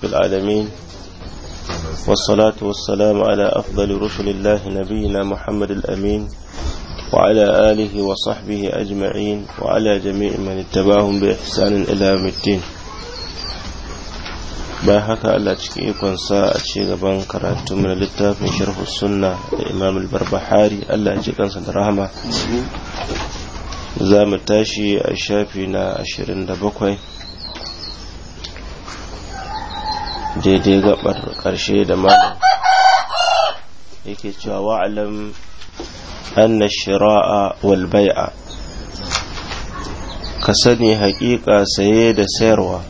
في العالمين والصلاة والسلام على أفضل رسل الله نبينا محمد الأمين وعلى آله وصحبه أجمعين وعلى جميع من اتبعهم بإحسان إلى يوم الدين bayan haka Allah cikin sa a ci gaban karatu mana littafin sharhu sunna da imam al-barbahari Allah ya ji kansa da rahama za mu tashi a shafi na bakwai. daidai gabar karshe da malam yake cewa wa'alam anna shira'a wal bai'a ka sani haƙiƙa saye da sayarwa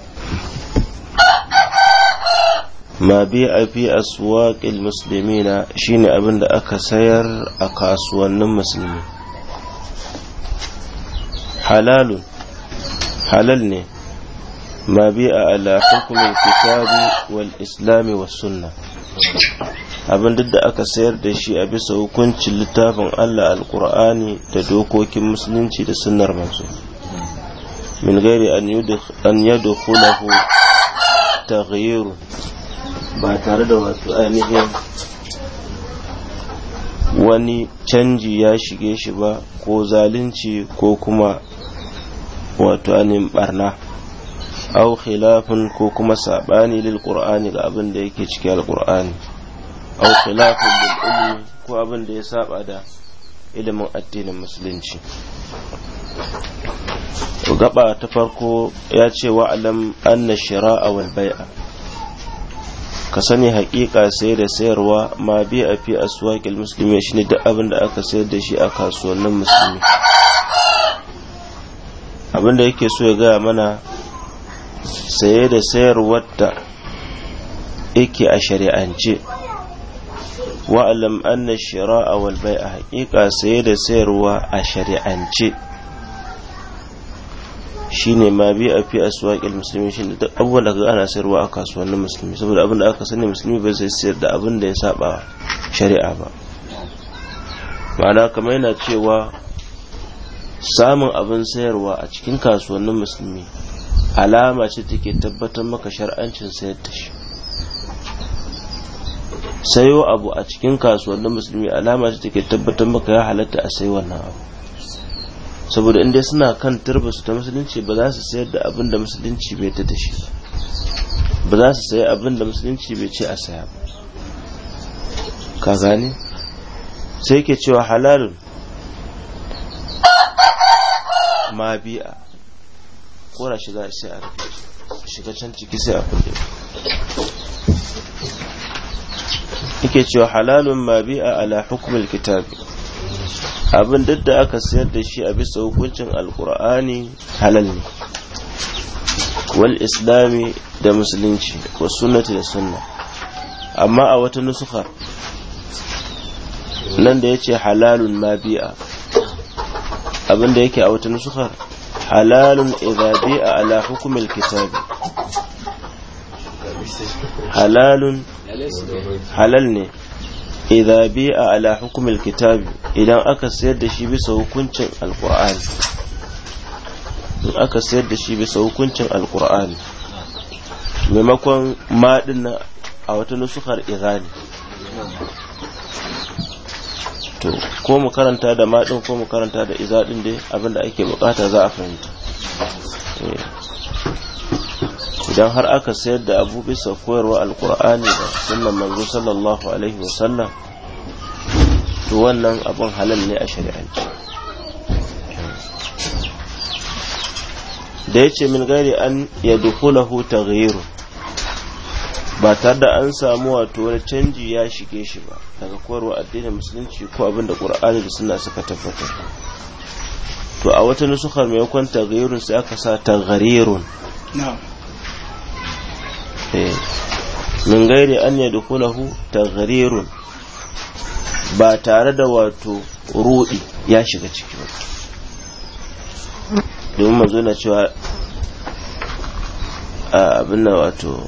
ma bi a fi aswaqil musulmina shine abin da aka sayar a kasuwannin musulmi halalun halal ne ما بيع على حكم الكتاب والإسلام والسنة abin duk da aka sayar da shi a bisa hukuncin littafin Allah alkur'ani da dokokin musulunci da sunnar manzo min gairi an yadkhulahu taghyiru ba tare da wato ainihin wani canji ya shige shi ba ko zalunci ko kuma wato ainihin barna au khilafin ko kuma saɓani lil ga abin da yake ciki alqur'ani au khilafin ilmi ko abin da ya saba da ilimin addinin musulunci gaba ta farko ya ce wa'alam anna shira'a wal bai'a ka sani haƙiƙa sai da sayarwa ma bi a fi aswaƙil musulmi shine duk abin da aka sayar da shi a kasuwannin musulmi abin da yake so ya gaya mana saye da sayarwar da yake a shari'ance wa'alam anna shira'a wal bai'a haƙiƙa saye da sayarwa a shari'ance shine ma bi a fi aswaqil musulmi shine duk abubuwan da ana sayarwa a kasuwannin musulmi saboda abin da aka sani musulmi ba zai sayar da abin da ya saba shari'a ba ma'ana kamar yana cewa samun abin sayarwa a cikin kasuwannin musulmi alama ce take tabbatar maka shar'ancin sayar da shi sayo abu a cikin kasuwannin musulmi alama ce take tabbatar maka ya halatta a sayi wannan abu saboda inda suna kan turba su ta musulunci ba za su sayar da abin da musulunci bai ta shi ba za su sayi abin da musulunci bai ce a saya ba ka gane sai ke cewa halalun ma bi'a kora shi za sai a rufe shiga can ciki sai a kulle yake cewa halalun ma bi'a ala hukumul kitabi abin duk da aka sayar da shi a bisa hukuncin alkur'ani halal ne wal islami da musulunci wa sunnati da sunna amma a wata nusukar nan da ya ce halalun ma bi'a abin da yake a wata nusukar halal ne idza bi'a ala hukm alkitab idan aka sayar da shi bisa hukuncin alqur'ani in aka sayar da shi bisa maimakon madin a wata nusukar izani to ko mu karanta da maɗin ko mu karanta da izaɗin dai abinda ake bukata za a fahimta idan har aka sayar da abu bisa koyarwa alkur'ani da sunan manzo sallallahu alaihi wasallam to wannan abin halal ne a shari'ance da ya ce min gari an ya dukulahu ta ba tare da an samu wato wani canji ya shige shi ba daga koyarwa addinin musulunci ko abin da qur'ani da sunna suka tabbatar to a wata nusukar maimakon tagayirun sai aka sa tagarirun eh. min gairi an ya dukulahu tagarirun ba tare da wato rudi ya shiga ciki ba domin mazo na cewa abin da wato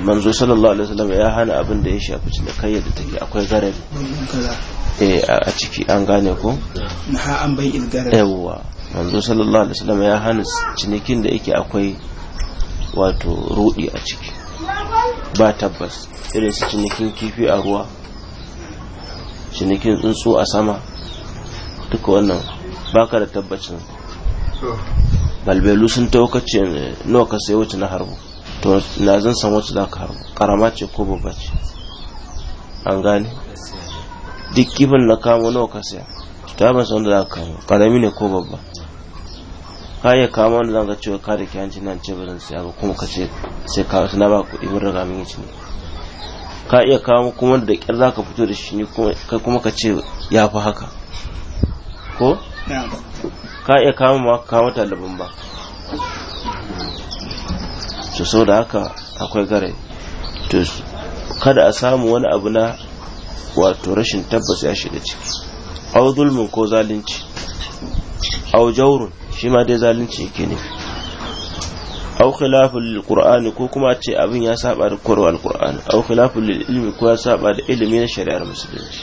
manzo sallallahu alaihi wasallam ya hana abin da ya shafi kayyar da take akwai garar eh a ciki an gane ko na ha an bai ilgarar yawwa manzo sallallahu alaihi wasallam ya hana cinikin da yake akwai wato rudi a ciki ba tabbas irin su cinikin kifi a ruwa cinikin tsuntsu a sama duka wannan baka da tabbacin balbelu sun taukace nawa ka wuce na harbu to na zan san wacce za ka harbo karama ce ko babba ce an gane duk kifin na kamo nawa ka siya ta ya bansa wanda za ka kama karami ne ko babba ka iya kamo wanda zan ga cewa ka da kiyanci nan ce ba zan siya ba kuma ka ce sai ka wasu na ba ku mun riga mun yi ne ka iya kamo kuma da kyar za ka fito da shi ne kuma ka ce ya fi haka ko ka iya kamo ma ka kamo talibin ba to sau da haka akwai gare to kada a samu wani abu na wato rashin tabbas ya shiga ciki au zulmin ko zalunci au jaurun shi ma dai zalunci yake ne au khilafin lil ko kuma ce abin ya saba da korowar qur'ani au khilafin lil ilmi ko ya saba da ilimi na shari'ar musulunci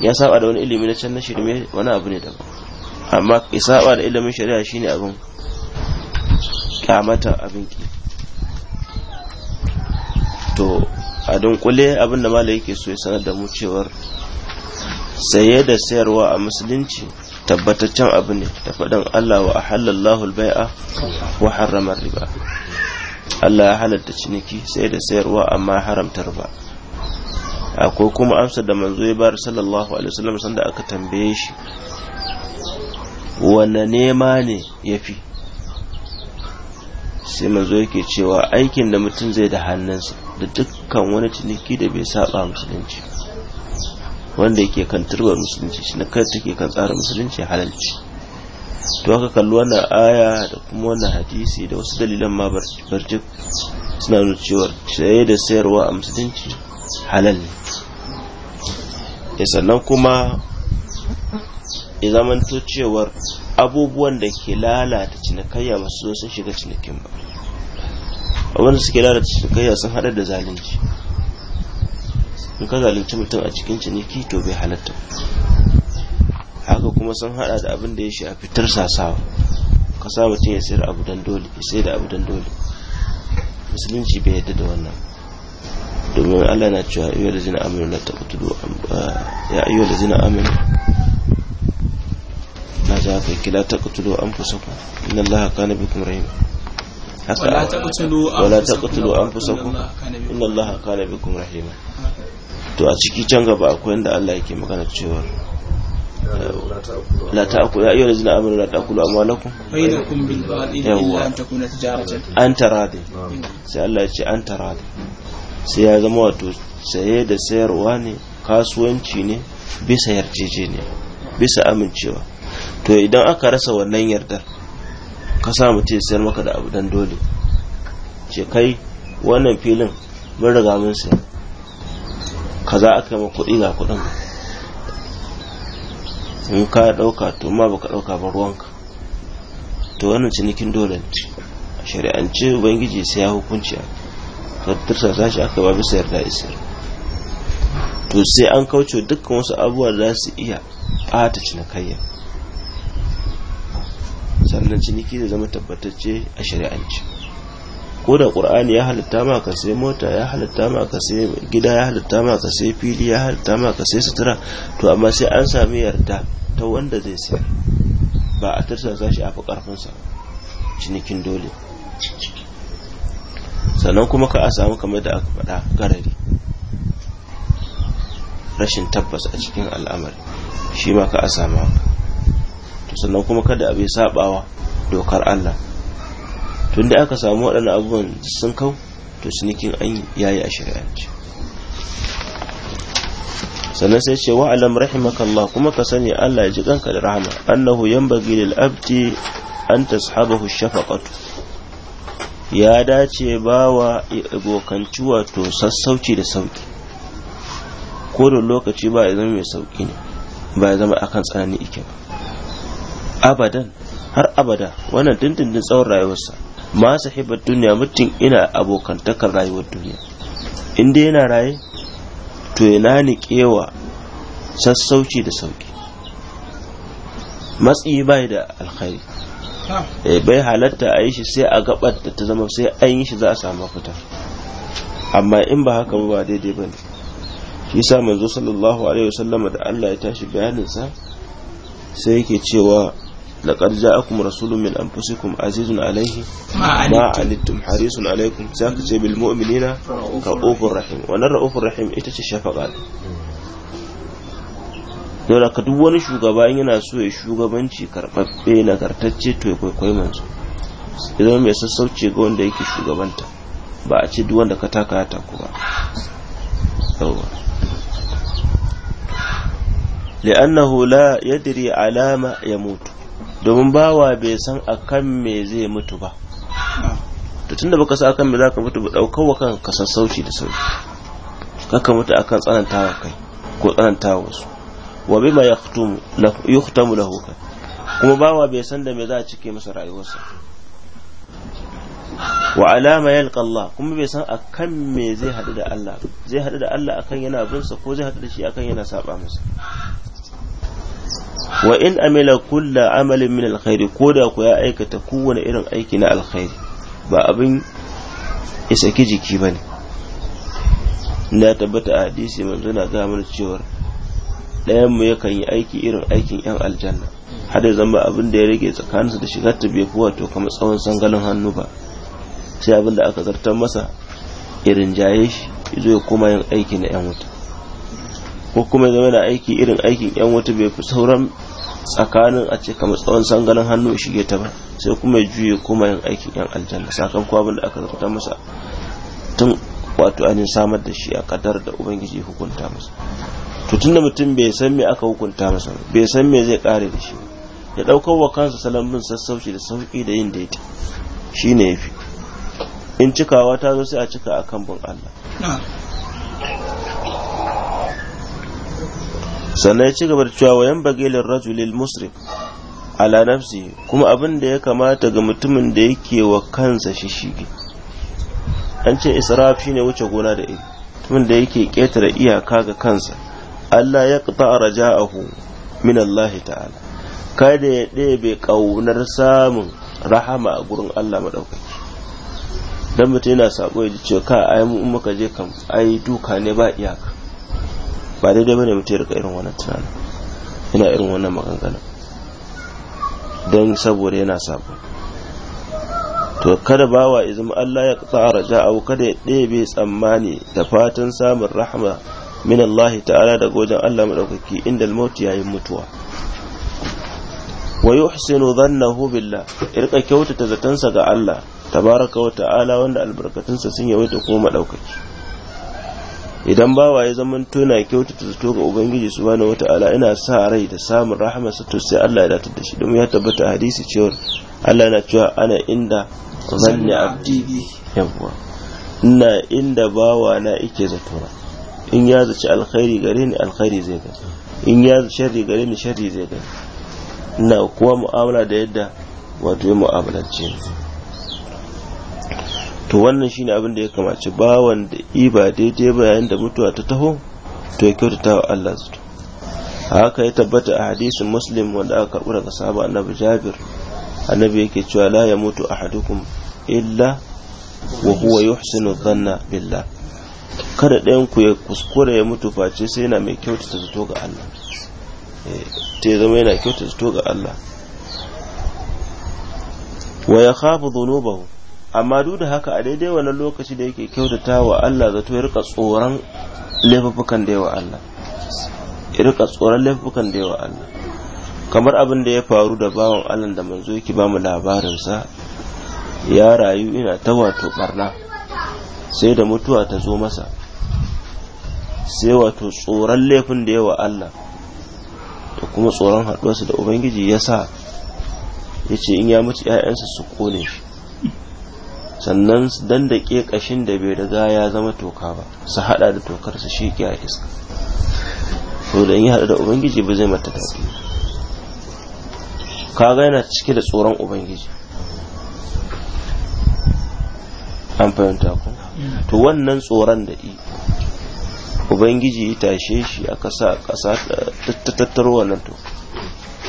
ya saba da wani ilimi na can na shirme wani abu ne daban amma ya saba da ilimin shari'a shine abin amata abin to a dunkule abin da malai yake so ya sanar da mu cewar saye da sayarwa a musulunci tabbataccen abu ne ta faɗin Allah wa ahallallahu bai'a wa harramar riba Allah ya halatta ciniki sai da sayarwa amma haramta riba akwai kuma amsar da manzo ya bar sallallahu alaihi wasallam sanda aka tambaye shi wanne nema ne yafi sai manzo yake cewa aikin da mutum zai da hannunsa da dukkan wani ciniki da bai saba musulunci wanda yake kan turbar musulunci shi na kai ke kan tsara musulunci halalci to haka kalli wannan aya da kuma wannan hadisi da wasu dalilan ma barjik suna nuna cewa saye da sayarwa a musulunci halal ne ya eh, sannan kuma ya zamanto cewar abubuwan da ke lalata cinikayya ba su zo sun shiga cinikin ba abin da suke lalata cinikayya sun haɗa da zalunci in ka zalunci mutum a cikin ciniki to bai halatta haka kuma sun haɗa da abin da ya fitar sasawa ka sa mutum ya sayar abu dan dole ya sayar da abu dan dole musulunci bai yadda da wannan domin Allah na cewa ayyuhal ladzina amanu la taqtulu ya da zina amina na ji haka yake la taqtulu anfusakum inna allaha kana bikum rahima haka wala taqtulu wala taqtulu anfusakum allah allaha kana bikum rahima to a ciki can gaba akwai inda Allah yake magana cewa la ta'kulu ya ayyuhal ladzina amanu la ta'kulu amwalakum bainakum bil batil illa an takuna tijaratan sai Allah ya ce an taradi sai ya zama wato saye da sayarwa ne kasuwanci ne bisa yarjejeniya bisa amincewa to idan aka rasa wannan yardar ka sa mu ce sayar maka da abu dan dole ce kai wannan filin mun riga mun sayar kaza aka yi kuɗi ga kuɗin in ka ɗauka to ma baka ɗauka ba ruwanka to wannan cinikin dole ne a shari'ance ubangiji sai ya hukunci a tattarsa sashi shi aka ba bisa yarda isar to sai an kauce dukkan wasu abubuwa za su iya ɓata cinikayya sannan ciniki zai zama tabbatacce a shari'anci ko da qur'ani ya halitta ma ka sai mota ya halitta ma ka sai gida ya halitta ma ka sai fili ya halitta ma ka sai sutura to amma sai an sami yarda ta wanda zai sayar ba a za shi a ƙarfinsa cinikin dole sannan kuma ka a samu kamar da aka faɗa garari rashin tabbas a cikin al'amari shi ma ka a samu sannan kuma kada abu ya sabawa dokar Allah tunda aka samu waɗannan abubuwan sun kau to cinikin an yayi a shari'ance sannan sai ce wa'alam rahimakallah kuma ka sani Allah ya ji kanka da rahama annahu yanbaghi lil abdi an tashabahu shafaqatu ya dace bawa abokanci wato sassauci da sauki ko da lokaci ba ya zama mai sauki ne ba ya zama akan tsanani ike abadan har abada wannan dindindin tsawon rayuwarsa ma sahibar duniya mutum ina abokantakar rayuwar duniya in dai yana raye to yana kewa sassauci da sauki matsi bai da alkhairi eh, bai halatta a yi shi sai a gabar da ta zama sai an yi shi za a samu fita amma in ba haka ba daidai ba ne shi sa manzo sallallahu alaihi sallama da Allah ya tashi bayaninsa sai yake cewa laqad ja'akum rasulun min anfusikum azizun alayhi ma anittum harisun alaykum zaka ce bil mu'minina ra'ufur rahim wannan ra'ufur rahim ita ce shafaqa dole ka duk wani shugaba in yana so ya shugabanci karɓaɓɓe nagartacce to ya kwaikwayi manzo ya zama mai sassauce ga wanda yake shugabanta ba a ce duk ka taka ya taku ba yawwa li'annahu la yadri alama ya mutu domin bawa bai san akan me zai mutu ba to tunda baka san akan me za ka mutu ba ɗaukar wa kan ka san sassauci da sauki kaka mutu akan tsanantawa kai ko tsanantawa wasu wa bima yaktumu yuhtamu lahu kai kuma bawa bai san da me za a cike masa rayuwarsa wa alama yalqa Allah kuma bai san akan me zai hadu da Allah zai hadu da Allah akan yana bin sa ko zai hadu da shi akan yana saba masa wa in amila kulla amalin min alkhairi ko da ku ya aikata kowane irin aiki na alkhairi ba abin isaki ki jiki ba ne na tabbata a hadisi manzo na ga mana cewa ɗayan mu yakan yi aiki irin aikin yan aljanna har da zama abin da ya rage tsakaninsa da shigar ta bai wato kamar tsawon sangalin hannu ba sai abin da aka zartar masa irin jaye shi zo ya koma yin aiki na yan wuta ko kuma zama yana aiki irin aikin yan wata bai fi sauran tsakanin a ce kamar tsawon sangalin hannu shige ta ba sai kuma ya juye kuma yin aikin yan aljanna sakamakon abin da aka zarta masa tun wato ainihin samar da shi a kadar da ubangiji hukunta masa to da mutum bai san me aka hukunta masa bai san me zai kare da shi ya daukar wa kansa salon bin sassauci da sauki da yin daidai ya fi in cikawa ta zo sai a cika a kan bin Allah sannan ya ci gaba da cewa wayan bagilin rajulil musrif ala nafsi kuma abin da ya kamata ga mutumin da yake wa kansa shishigi an ce israf shine wuce gona da iri mutumin da yake ƙetare iyaka ga kansa Allah ya qata raja'ahu min Allah ta'ala kada ya ɗebe ƙaunar samun rahama a gurin Allah madaukaki dan mutum yana sako ya ji cewa ka ai mu in muka je kan ai duka ne ba iyaka ba daidai bane mutum ya rika irin wannan tunanin yana irin wannan maganganun don saboda yana sabo to kada ba wa izin Allah ya tsara raja'ahu kada ya ɗebe tsammani da fatan samun rahama min Allah ta'ala da wajen Allah maɗaukaki inda almoti ya yi mutuwa wa yuhsinu dhannahu billah irka kyautata zatansa ga Allah tabaraka wa ta'ala wanda albarkatunsa sun yawaita ko maɗaukaki. idan bawa ya zama tona kyautata zato ga ubangiji su wata wata'ala ina sa rai da samun rahama su to sai Allah ya datar da shi domin ya tabbata hadisi cewa Allah yana cewa ana inda zanni abdi yawwa ina inda bawa na ike zato in ya zaci alkhairi gare ni alkhairi zai gani in ya zaci sharri gare ni sharri zai gani ina kuma mu'amala da yadda wato ya mu'amalance ni to wannan shine abin da ya kamaci bawan da i ba daidai ba yayin da mutuwa ta taho to ya kyautata wa Allah zato haka ya tabbata a hadisin muslim wanda aka kura daga sahaba annabi jabir annabi yake cewa la mutu ahadukum illa wa huwa yuhsinu dhanna billah kada ɗayan ku ya kuskure ya mutu face sai yana mai kyautata zato ga Allah ta eh, zama yana kyautata zato ga Allah wa ya khafu dhunubahu amma duk da haka a daidai wannan lokaci da yake kyautata wa Allah zato ya rika tsoron laifukan da yawa Allah ya rika tsoron laifukan da yawa Allah kamar abin da ya faru da bawan Allah da manzo yake ba mu labarinsa ya rayu ina ta wato barna sai da mutuwa ta zo masa sai wato tsoron laifin da yawa Allah da kuma tsoron haɗuwarsa da Ubangiji ya sa ya ce in ya mutu ‘ya'yansa su kone shi sannan su dandake kashin da bai riga ya zama toka ba su hada da tokar su sheke a iska to da in ya hada da ubangiji ba zai mata daɗi ga yana cike da tsoron ubangiji an fahimta ku to wannan tsoron da i ubangiji ya tashe shi aka sa ƙasa ta tattaro wannan to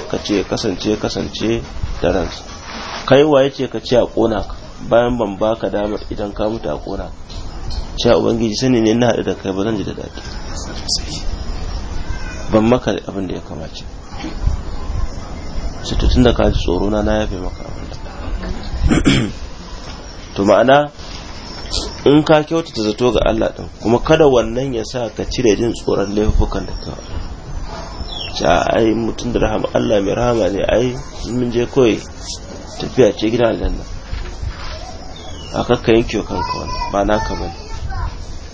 ka ce kasance kasance da ransa kai waye ce ka ce a ƙona ka bayan ban baka damar idan ka mutu a kona sha ubangiji sani ne na haɗu da kai ba zan ji da daɗi ban maka abin da ya kamace su tutun da kaji tsoro na na yafe maka abin da to ma'ana in ka kyautata zato ga Allah din kuma kada wannan ya sa ka cire jin tsoron laifukan da ka ta ai mutum da rahama Allah mai rahama ne ai mun je koyi tafiya ce gidan aljanna a kakka yanke wa kanka wani ba na ka bane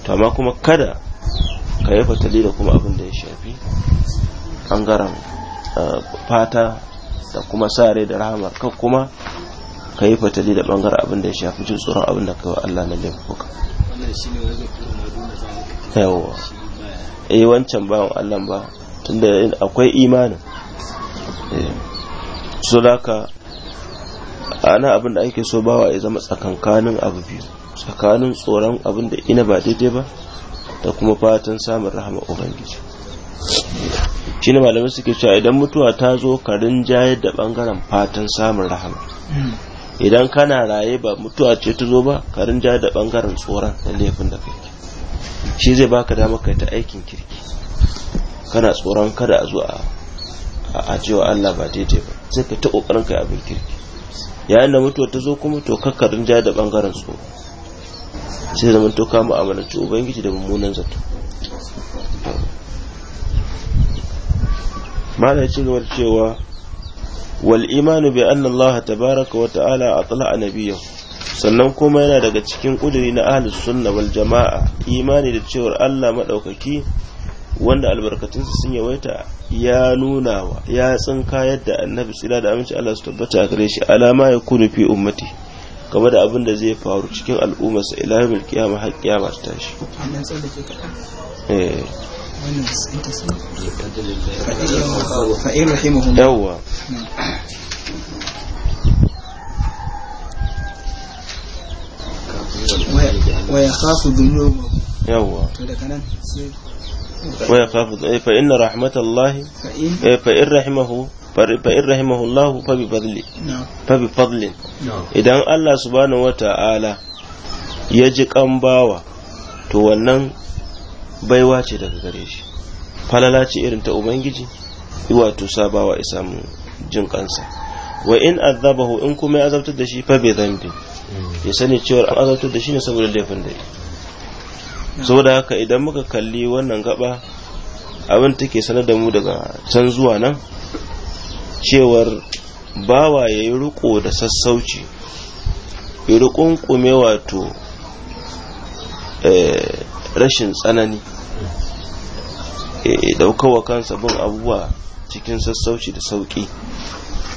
to amma kuma kada ka yi fatali da kuma abin da ya shafi bangaren eh, fata da kuma sa rai da rahama ka kuma ka yi fatali da bangaren abin da ya shafi jin tsoron abin da ka wa Allah na laifuka yawa eh wancan bawan Allah ba tunda akwai imanin eh. so da ana abin da ake so bawa ya zama tsakankanin abu biyu tsakanin tsoron abin da ina ba daidai ba da kuma fatan samun rahama ubangiji shi ne malamai suke cewa idan mutuwa ta zo karin rinjayar da bangaren fatan samun rahama idan kana raye ba mutuwa ce ta zo ba karin rinjayar da bangaren tsoron da laifin da kai shi zai baka damar kai ta aikin kirki kana tsoron kada a zo a cewa Allah ba daidai ba sai ka ta kokarin kai abin kirki yayin da mutuwa ta zo kuma to kakkarin ja da bangaren su sai zama to mu'amalanci ubangiji da mummunan zato da ya ci gaba da cewa wal imanu bi anna Allah tabaraka wa ta'ala a nabiyahu sannan kuma yana daga cikin kuduri na ahlus sunna wal jama'a imani da cewar Allah maɗaukaki wanda albarkatunsa sun yawaita ya nuna wa ya tsinka yadda annabi tsira da aminci Allah su tabbata a gare shi alama ya kunu fi ummati game da abin da zai faru cikin al'ummarsa ila yawmil qiyamah har qiyama ta tashi eh yawwa wa yakhafu dhunubahu ويخاف فإن رحمة الله فإن رحمه فإن رحمه الله فبفضله فبفضله إذا الله سبحانه وتعالى يجي bawa to wannan baiwa ce daga gare shi falala ce irin ta ubangiji to sabawa isa mu jin kansa wa in azabahu in kuma ya azabtar da shi fa bai zambi mm. ya sani cewa an azabtar da shi ne saboda laifin da da haka idan muka kalli wannan gaba abin take sanar da mu daga can zuwa nan cewar bawa ya yi riko da sassauci ya kume wato eh, rashin tsanani daukawa kansa bin abubuwa cikin sassauci da sauki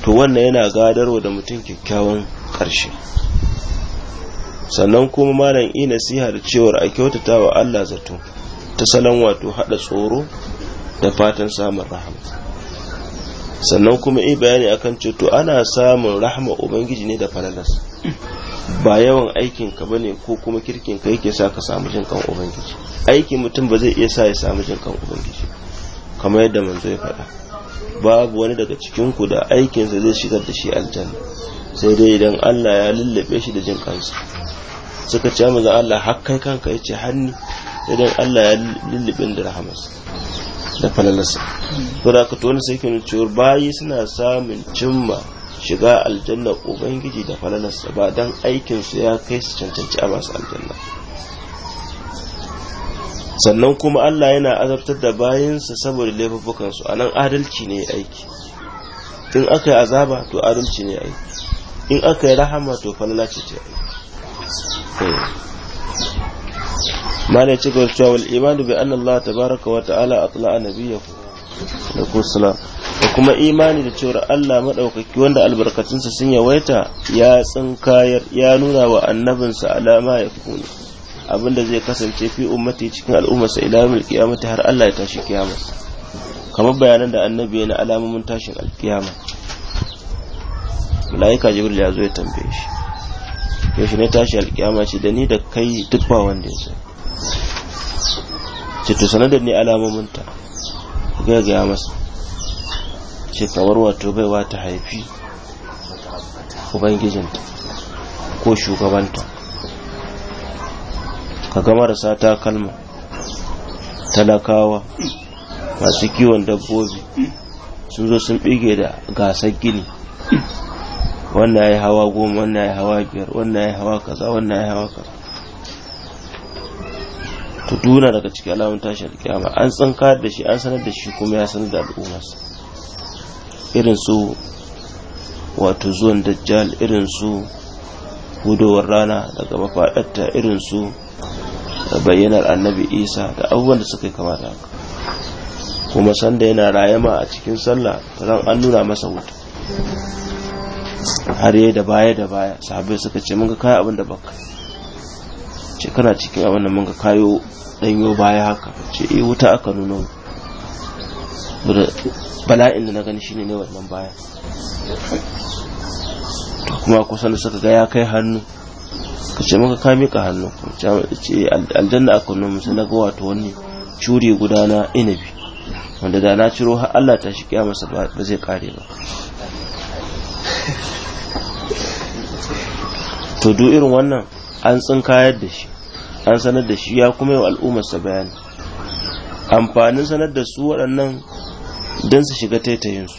to wannan yana gadarwa da mutum kyakkyawan ƙarshe sannan kuma malam yi nasiha da cewar a kyautata wa Allah zato ta salon wato hada tsoro da fatan samun rahama sannan kuma yi bayani akan ceto ana samun rahama ubangiji ne da falalas ba yawan aikin ka bane ko kuma kirkin ka yake sa ka samu jin kan ubangiji aikin mutum ba zai iya sa ya samu jin kan ubangiji kamar yadda manzo ya faɗa babu wani daga cikin ku da aikinsa zai shigar da shi aljanna sai dai idan Allah ya lullube shi da jin kansa suka ce manzo Allah har kai kanka yace hannu idan Allah ya lullubin da rahamas da falalarsa to da ka to wani sai kin cewa bayi suna samun cimma shiga aljanna ubangiji da falalarsa ba dan aikin su ya kai su cancanci a masu aljanna sannan kuma Allah yana azabtar da bayinsa saboda laifukan su anan adalci ne aiki in aka yi azaba to adalci ne aiki in aka yi rahama to falala ce aiki Hmm. mana ci gaba cewa wal imanu bi anna Allah tabaraka wata ta'ala atla'a nabiyahu da kusula da kuma imani da cewar Allah maɗaukaki wanda sa sun yawaita ya tsinkayar ya nuna wa annabinsa alama ya kuni abinda zai kasance fi ummati cikin al'ummarsa ila yawmil qiyamati har Allah ya tashi kiyama kamar bayanan da annabi na alamomin tashin alkiyama malaika jibril ya zo ya tambaye shi yaushe ne tashi alkiyama ce da ni da kai duk ba wanda ya ce to sanar da ni alamominta ga gaya masa ce kamar wato baiwa ta haifi ubangijinta ko shugabanta ka ga marasa takalma talakawa masu kiwon dabbobi sun zo sun bige da gasar gini wannan ya yi hawa goma wannan ya yi hawa biyar wannan ya yi hawa kaza wannan ya yi hawa kaza ku duna daga cikin alamun tashi kyama an tsanka da shi an sanar da shi kuma ya sanar da al'ummarsa irin su wato zuwan dajjal irin su hudowar rana daga mafaɗarta irin su bayyanar annabi isa da abubuwan da suka yi kama da haka kuma sanda yana rayama a cikin sallah ran an nuna masa wuta har yayi da baya da baya sahabbai suka ce munga kayo kai abin da baka ce kana cikin abin da munga kayo danyo baya haka ce eh wuta aka nuno bala'in da na gani shine ne wannan baya kuma kusan suka ga ya kai hannu ka ce maka ka mika hannu ce aljanna aka nuna musu na ga wato wani curi guda na inabi wanda da na ciro har Allah ta shi kiyama ba zai kare ba to duk irin wannan an tsinkayar da shi an sanar da shi ya kuma yi al'ummarsa bayani amfanin sanar da su waɗannan don su shiga taitayinsu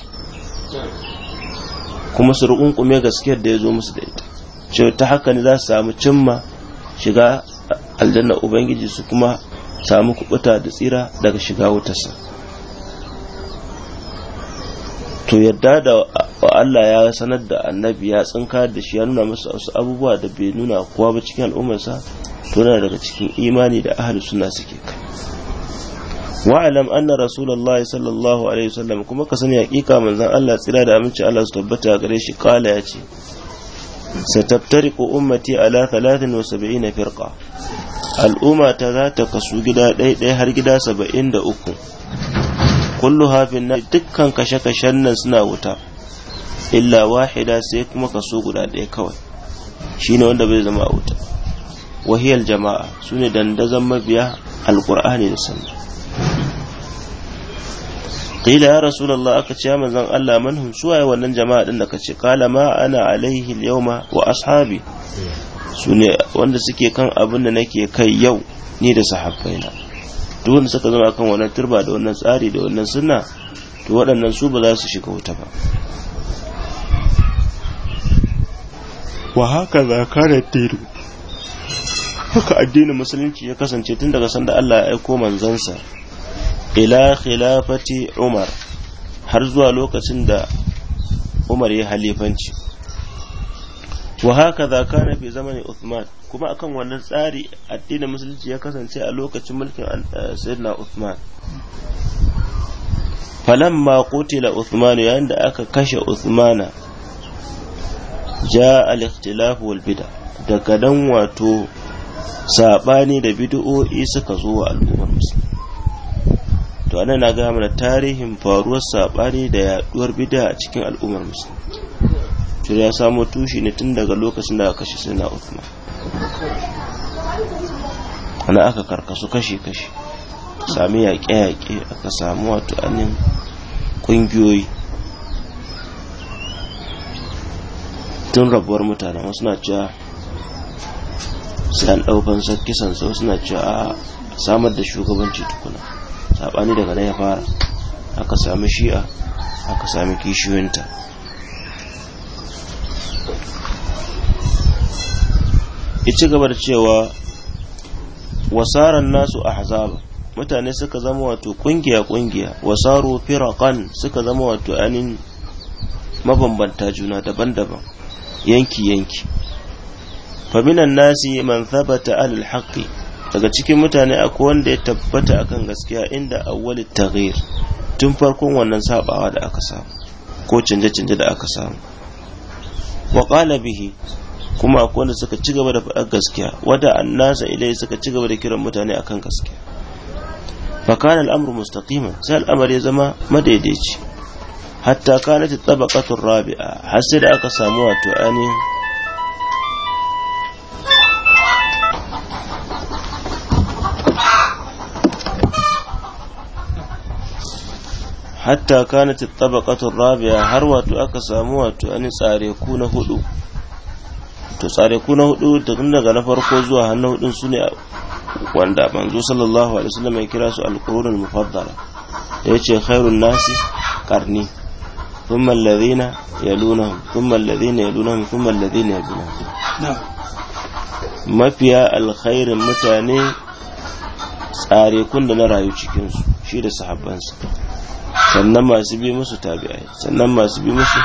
kuma su rukunkume gaskiyar da ya zo musu da ita ce ta haka ne za su samu cimma shiga aljanna ubangiji su kuma samu kubuta da tsira daga shiga wutarsa to yadda da Allah ya sanar da annabi ya tsinka da shi ya nuna masa wasu abubuwa da bai nuna kowa ba cikin al'ummarsa to na daga cikin imani da ahli sunna suke kai wa'alam anna rasulullahi sallallahu alaihi wasallam kuma ka sani hakika manzon Allah tsira da aminci Allah su tabbata gare shi kala ya ce sataftariqu ummati ala 73 firqa al'umma ta za ta kasu gida ɗaya har gida 73 kullu hafin na dukkan kashe-kashen nan suna wuta illa wahida sai kuma kaso guda ɗaya kawai shine wanda bai zama a wuta wahiyar jama'a su ne dandazon mabiya alkur'ani da sunna qila ya rasulullah aka ce manzon Allah manhum suwaye wannan jama'a din da kace kala ma ana alaihi al wa ashabi su ne wanda suke kan abin da nake kai yau ni da sahabbaina duk wanda suka zama kan wannan turba da wannan tsari da wannan sunna to waɗannan su ba za su shiga wuta ba wa haka za kare tiru haka addinin musulunci ya kasance tun daga sanda Allah ya aiko manzansa ila khilafati Umar har zuwa lokacin da Umar ya halifanci wa haka za kana fi zamanin Uthman kuma akan wannan tsari addinin musulunci ya kasance a lokacin mulkin eh, sayyidina Uthman falamma qutila Uthman yayin da aka kashe Uthmana ja al-ikhtilaf wal bid'a daga dan wato sabani da bid'o'i suka zo wa al'ummar musulmi to anan na ga mana tarihin faruwar sabani da yaduwar bid'a a cikin al'ummar musulmi to ya samo tushe ne tun daga lokacin da aka kashe sayyidina Uthman wani aka karkasu kashi-kashi sami yaƙe-yaƙe aka samu wato anin ƙungiyoyi tun rabuwar mutane wasu na cewa sai an ɗaukan sarki sansa wasu na cewa a samar da shugabanci tukuna saɓani daga na ya fara aka sami shi'a aka sami kishiyoyinta ci gaba da cewa wasarar nasu a hazaba mutane suka zama wato kungiya kungiya wasaru firakan suka zama wato anin mabambanta juna daban-daban yanki yanki faminan nasi man thabata alal haqqi daga cikin mutane akwai wanda ya tabbata akan gaskiya inda awwali taghir tun farkon wannan sabawa da aka samu ko canje-canje da aka samu wa bihi kuma akwai wanda suka ci gaba da faɗar gaskiya wadda annasa ilai suka ci gaba da kiran mutane akan gaskiya fakana al'amru mustaqima sai al'amari ya zama madaidaici hatta taba tabaqatu rabi'a har sai da aka samu wato ani hatta taba tabaqatu rabi'a har wato aka samu wato ani tsare ku na hudu to tsare ku na hudu tun daga na farko zuwa har na hudun su ne wanda manzo sallallahu alaihi wasallam ya kira su alqurunul mufaddala yace khairun nasi qarni thumma alladhina yalunahum thumma alladhina yalunahum thumma alladhina yalunahum mafiya alkhairin mutane tsare kun da na rayu cikin su shi da sahabbansa sannan masu bi musu tabi'ai sannan masu bi musu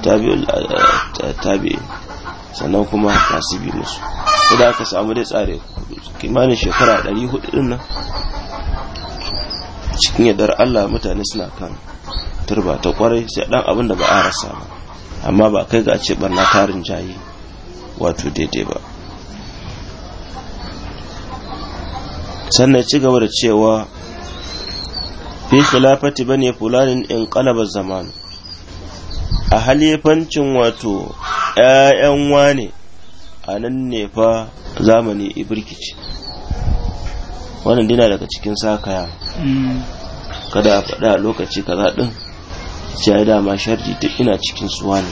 tabi eh, sannan kuma masu bi musu aka samu dai tsare kimanin shekara 400 din nan cikin yadar Allah mutane suna kan turba ta kwarai sai dan abin da ba a rasa ba amma ba kai ga ce barna tarin jayi wato daidai ba sannan ci gaba da cewa fi khilafati ne fulanin in qalaba zaman a halifancin wato ‘ya'yan wane a nan ne fa zamani ibirkici wannan dina daga cikin sakaya mm. kada a faɗa lokaci kaza ɗin ce ya dama sharji ta ina cikin suwa ne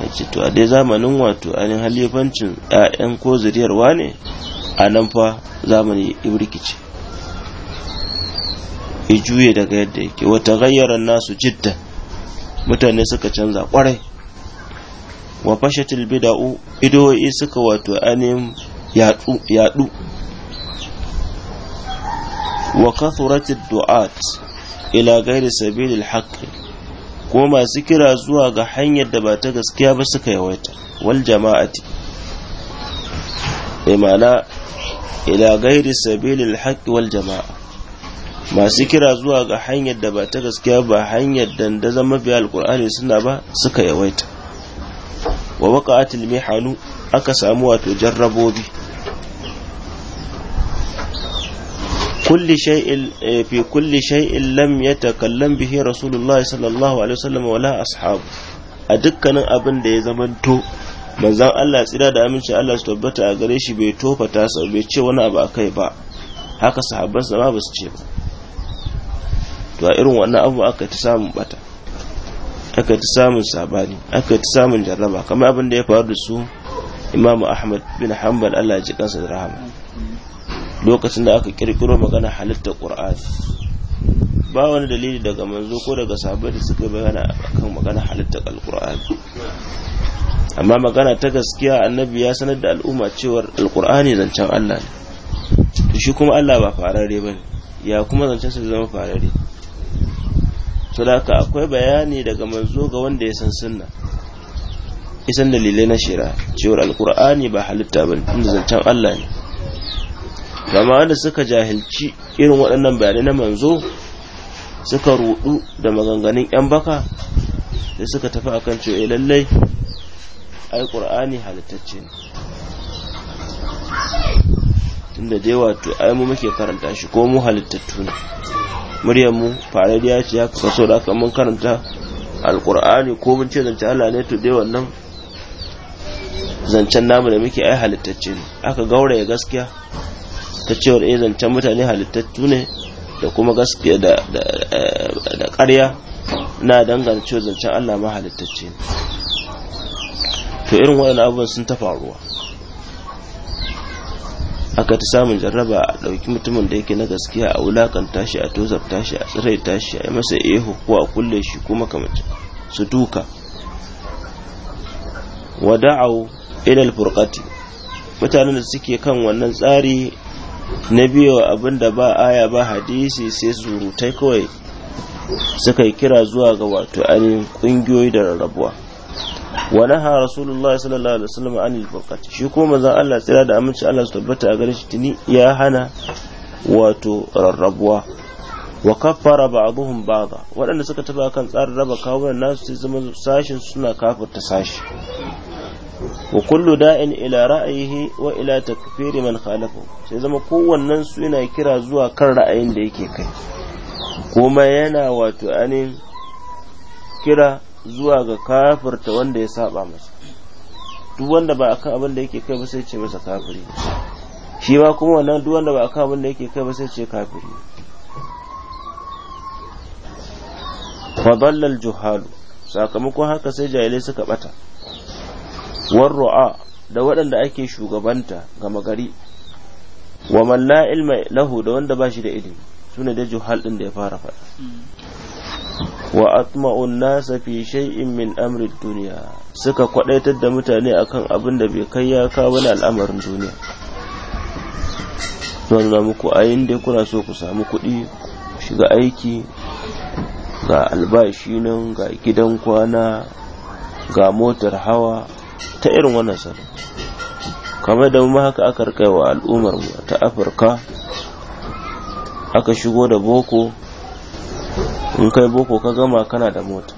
ya ce to a dai zamanin wato ainihin halifancin 'ya'yan ko zuriyarwa ne a nan fa zamani ibirkici ya juye daga yadda yake wata gayyara nasu jiddan mutane suka canza kwarai wa fashatil bida'u idoyi suka wato ainihin yadu wa kathuratid du'at ila gairi sabilil haqqi ko masu kira zuwa ga hanyar da ba ta gaskiya ba suka yawaita wal jama'ati imana ila gairi sabilil haqqi wal jama'a masu kira zuwa ga hanyar da ba ta gaskiya ba hanyar dandazon mabiya alkur'ani suna ba suka yawaita wa tilmi hannu aka samu wato jarrabobi kulli shay'in eh, fi kulli shay'in bihi sallallahu alaihi wasallam la ashabu a dukkanin abin da ya zamanto manzon Allah tsira da aminci Allah su tabbata a gare shi bai tofa sau bai ce wani abu a kai ba haka sahabbansa ba ba su ce ba to a irin wannan abu aka ta samun bata aka ta samun sabani aka ta samun jarraba kamar abin da ya faru da su imamu ahmad bin hanbal allah ya ji kansa da rahama lokacin da aka kirkiro magana halittar qur'ani ba wani dalili daga manzo ko daga sabai da suka bayyana akan magana halittar alqur'ani amma magana ta gaskiya annabi ya sanar da al'umma cewar alqur'ani zancen Allah ne to shi kuma Allah ba farare bane ya kuma zancen sa zama farare so akwai bayani daga manzo ga wanda ya san sunna isan dalilai na shira cewar alkur'ani ba halitta ba ne zancen Allah ne gama wanda suka jahilci irin waɗannan bayanai na manzo suka rudu da maganganun yan baka da suka tafi akan cewa eh, lallai ai qur'ani halittacce ne tunda dai wato ai mu muke karanta shi ko mu halittattu ne muryar mu ya ce ya kaso da aka mun karanta alƙur'ani ko mun ce zance Allah ne to dai wannan zancen namu da muke ai halittacce ne aka gauraya gaskiya ta cewar eh zancen mutane halittattu ne da kuma gaskiya da karya eh, ƙarya na dangane cewa zancen Allah ma halittacce ne to irin waɗannan abubuwan sun ta faruwa aka ta samun jarraba a ɗauki mutumin da yake na gaskiya a wulakan tashi a tozar tashi a tsirrai tashi a yi masa ehu ko a kulle shi ko makamacin su duka wada'au ilal furqati mutanen da suke kan wannan tsari na biyo abin da ba aya ba hadisi sai surutai kawai suka yi kira zuwa ga wato ainihin ƙungiyoyi da rarrabuwa wa naha rasulullahi sallallahu alaihi wasallam anil furqati shi kuma manzon Allah tsira da aminci Allah su tabbata a gare shi tuni ya hana wato rarrabuwa wa kaffara ba'dhum ba'dha waɗanda suka taba kan tsarin raba kawunan nasu sai zama sashin suna kafirta sashi wa kullu da'in ila ra'ayihi wa ila takfiri man khalafu sai zama kowannen su yana kira zuwa kan ra'ayin da yake kai kuma yana wato anin kira zuwa ga kafirta wanda ya saba masa duk wanda ba akan abin da yake kai ba sai ce masa kafiri shi ba kuma wannan duk wanda ba akan abin da yake kai ba sai ce kafiri fa dallal juhalu sakamakon haka sai jahilai suka bata war ru'a da waɗanda ake shugabanta gama gari wa man la ilma lahu da wanda ba shi da ilimi sune da juhal din da ya fara faɗa hmm. wa atma'un nasa fi shay'in min amri duniya suka kwadaitar da mutane akan abin da bai kai ya kawo wani al'amarin duniya zuwa nuna muku ayin da kuna so ku samu kuɗi shiga aiki ga albashi nan ga gidan kwana ga motar hawa ta irin wannan salo kamar da mu haka aka rikaiwa al'ummar mu ta afirka aka shigo da boko in kai boko ka gama kana da mota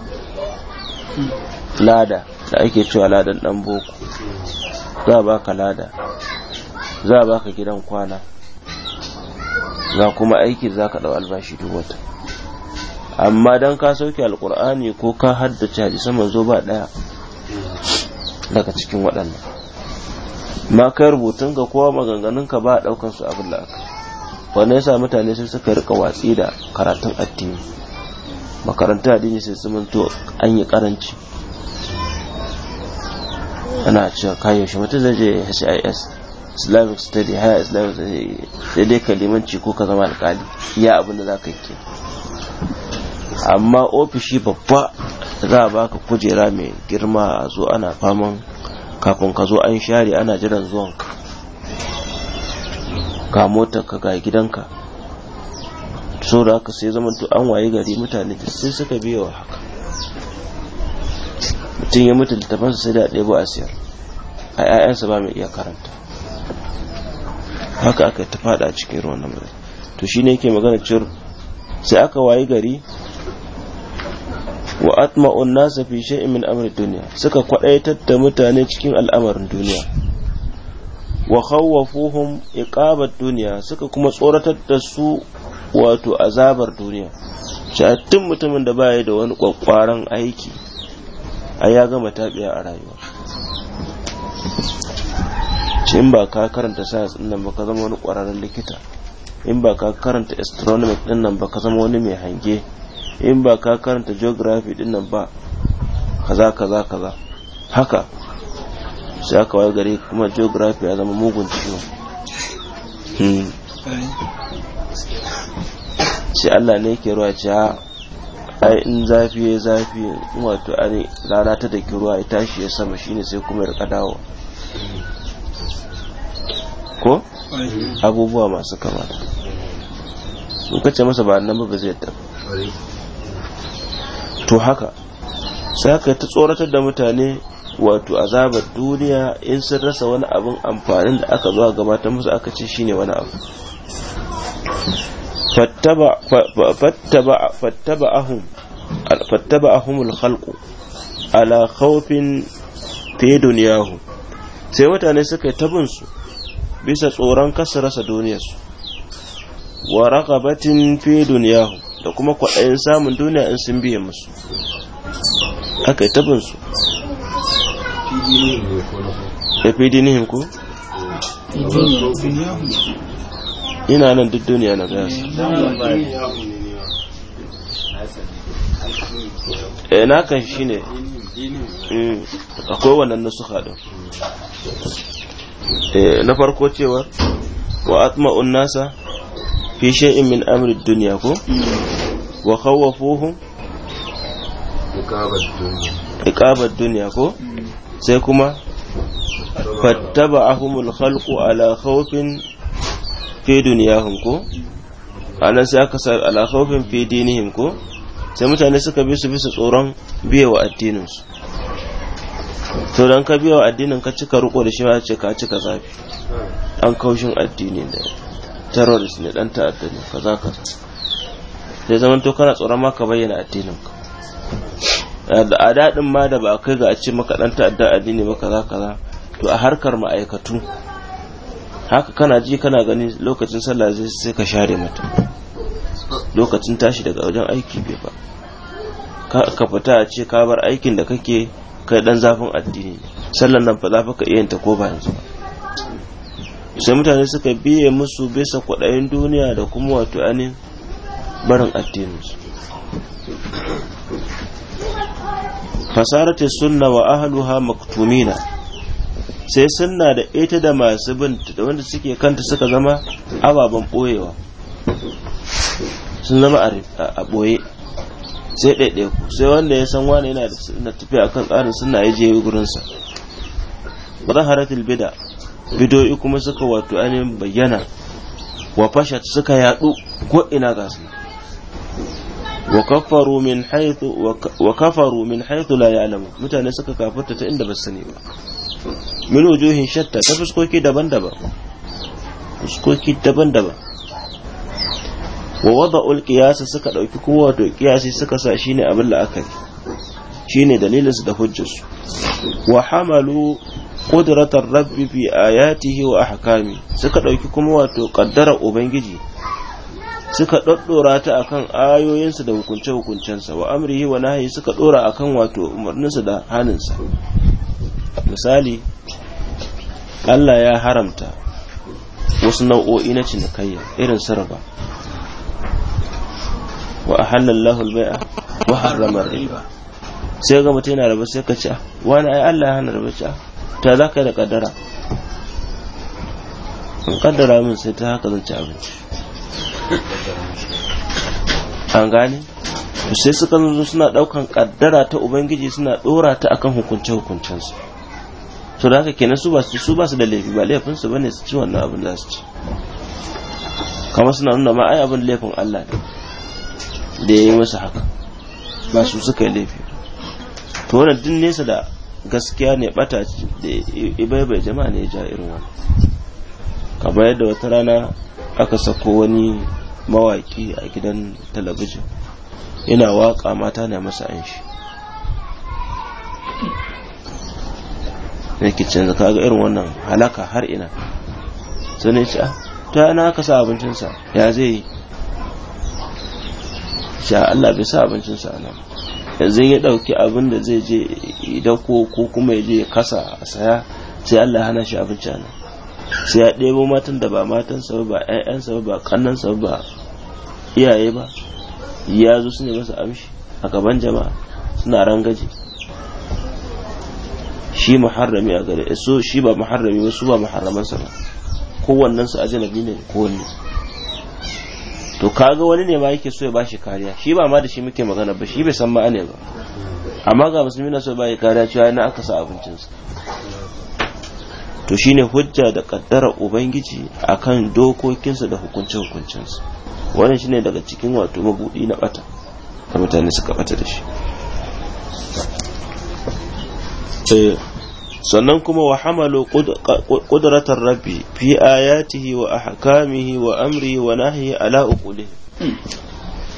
lada da ake cewa ladan dan boko za a baka lada za a baka gidan kwana za kuma aiki za ka ɗau albashi duk wata amma don ka sauke alkur'ani ko ka haddace sama zo ba daya daga cikin waɗannan ma kai rubutun ka kowa maganganun ka ba ɗaukan su abin da wannan yasa mutane sai suka rika watsi da karatun addini makaranta addini sai su manto an yi karanci ana cewa kayan shi mutum zai je HIS Islamic study higher Islamic study sai dai kalimanci ko ka zama alkali iya abin da za ka yi amma ofishi babba za a baka kujera mai girma a zo ana faman kafin ka zo an share ana jiran zuwanka ka mota ka ga gidanka so da haka sai zama to an waye gari mutane da sai suka biya wa haka mutum ya mutu littafansa sai da ɗebo a siyar a 'ya'yansa ba mai iya karanta haka aka ta fada cikin ruwan nan to shi ne yake magana cewar sai aka waye gari wa atma'un nasa fi shay'in min amri duniya suka kwadaitar da mutane cikin al'amarin duniya wa khawwafuhum iqabat duniya suka kuma tsoratar da su wato azabar duniya shattun mutumin da baya da wani kwakwaran aiki a ya gama tabiya a rayuwa in ba ka karanta science din nan ba ka zama wani kwararren likita in ba ka karanta astronomy din nan ba ka zama wani mai hange in ba ka karanta geography din nan ba kaza kaza kaza haka sai aka wayo gari kuma geography ya zama mugun ciwo hmm. sai Allah ne ke ruwa ce ah, ai in zafi ya zafi wato ani rana ta daki ruwa ya tashi ya sama shine sai kuma ya dawo ko abubuwa masu kama in kace masa ba nan ba zai tafi to haka sai aka ta tsoratar da mutane wato azabar duniya in sun rasa wani abin amfanin da aka zuwa gabata musu aka ce shine wani abu fattaba ahumul khalqu ala khawfin fi duniyahu sai mutane suka yi tabin bisa tsoron kasa rasa duniyarsu wa raqabatin fi duniyahu da kuma kwaɗayin samun duniya in sun biya musu aka yi tabin ya ni e dinihim ko? ina nan duk duniya na gaya su e na kan shi ne a kowane nasu din na farko cewar wa atma'un nasa fi in min amri duniya ko wa fuhun iqabat duniya ko sai kuma fattaba ahumul khalqu ala khawfin fi duniyahum ko anan sai aka sa ala khawfin fi dinihim ko sai mutane suka bi su bi su tsoron biya addinin su to dan ka biya wa addinin ka cika ruko da shi ma ce ka cika zafi an kaushin addini ne terrorist ne dan ta'adda ne kaza kaza sai zaman to kana tsoron ma ka bayyana addinin ka a daɗin ma da ba a kai ga a ce maka ɗan ta'adda addini ba kaza kaza to a harkar ma'aikatu haka kana ji kana gani lokacin sallah zai sai ka share mata lokacin tashi daga wajen aiki bai ba ka fita a ce ka bar aikin da kake kai dan zafin addini sallan nan fa za ka iya ta ko ba yanzu ba sai mutane suka biye musu bisa kwaɗayin duniya da kuma wato anin barin addininsu fasarat sunna wa ahluha maktumina sai sunna da ita da masu bin da wanda suke kanta suka zama ababen boyewa sun zama a boye sai ɗaiɗaya ku sai wanda ya san wani yana da tafiya akan tsarin sunna ya je gurinsa ba za bida bidoyi kuma suka wato ainihin bayyana wa fashat suka yaɗu ko ina gasu wa kafaru min haythu wa kafaru min haythu la ya'lamu mutane suka kafirta ta inda ba ba min wujuhin shatta ta fuskoki daban-daban fuskoki daban-daban wa wada'ul qiyasa suka dauki kowa to qiyasi suka sa shine abin la'akari shine dalilin su da hujjarsu wa hamalu qudratar rabbi fi ayatihi wa ahkami suka dauki kuma wato qaddara ubangiji suka ɗaɗɗora ta akan ayoyinsa da hukunce-hukuncensa wa amrihi wa nahi suka ɗora akan wato umarninsa da haninsa misali Allah ya haramta wasu nau'o'i na cinikayya irin sarba wa hannun al-bai'a wa harrama riba sai ga mutum yana raba sai ka ci ah, wani ai Allah ya hana raba ci ah, ta za ka yi da kaddara kaddara min sai ta haka zan ci abinci an gane sai suka zo suna daukan kaddara ta ubangiji suna dora ta akan hukunce hukuncensu to da haka kenan su ba su su ba su da laifi ba laifin su bane su ci wannan abin da su ci kamar suna nuna ma ai abin laifin Allah ne da yayi musu haka ba su suka yi laifi to wannan din nesa da gaskiya ne bata da ibai bai jama'a ne ya ja irin wannan kamar yadda wata rana aka sako wani mawaki a gidan talabijin yana waka mata na masa an shi yake zaka kaga irin wannan halaka har ina sai ne ce ah, ta na aka sa abincinsa ya zai yi sha Allah bai sa abincinsa nan yanzu ya ɗauki abin da zai je idako ko kuma ya je kasa a saya sai Allah hana shi abinci nan sai ya ɗebo matan da ba sau ba sau ba sau ba iyaye ba ya zo su ne masa amshi a gaban jama'a suna rangaje shi muharrami a gare eh, so shi ba muharrami ba su ba muharramansa ba kowannen su ajanabi ne ko ne to kaga wani ne ma yake so ya bashi kariya shi ba ma da shi muke magana ba shi bai san ma ne ba amma ga musulmi na so ba ya kariya cewa ina aka sa abincinsa to shine hujja da kaddara ubangiji akan dokokinsa da hukunce hukuncinsa wannan shine daga cikin wato mabudi na bata da mutane suka bata da shi eh. sannan kuma wa hamalu qudratar rabbi fi ayatihi wa ahkamihi wa amri wa nahyi ala uqulihi hmm.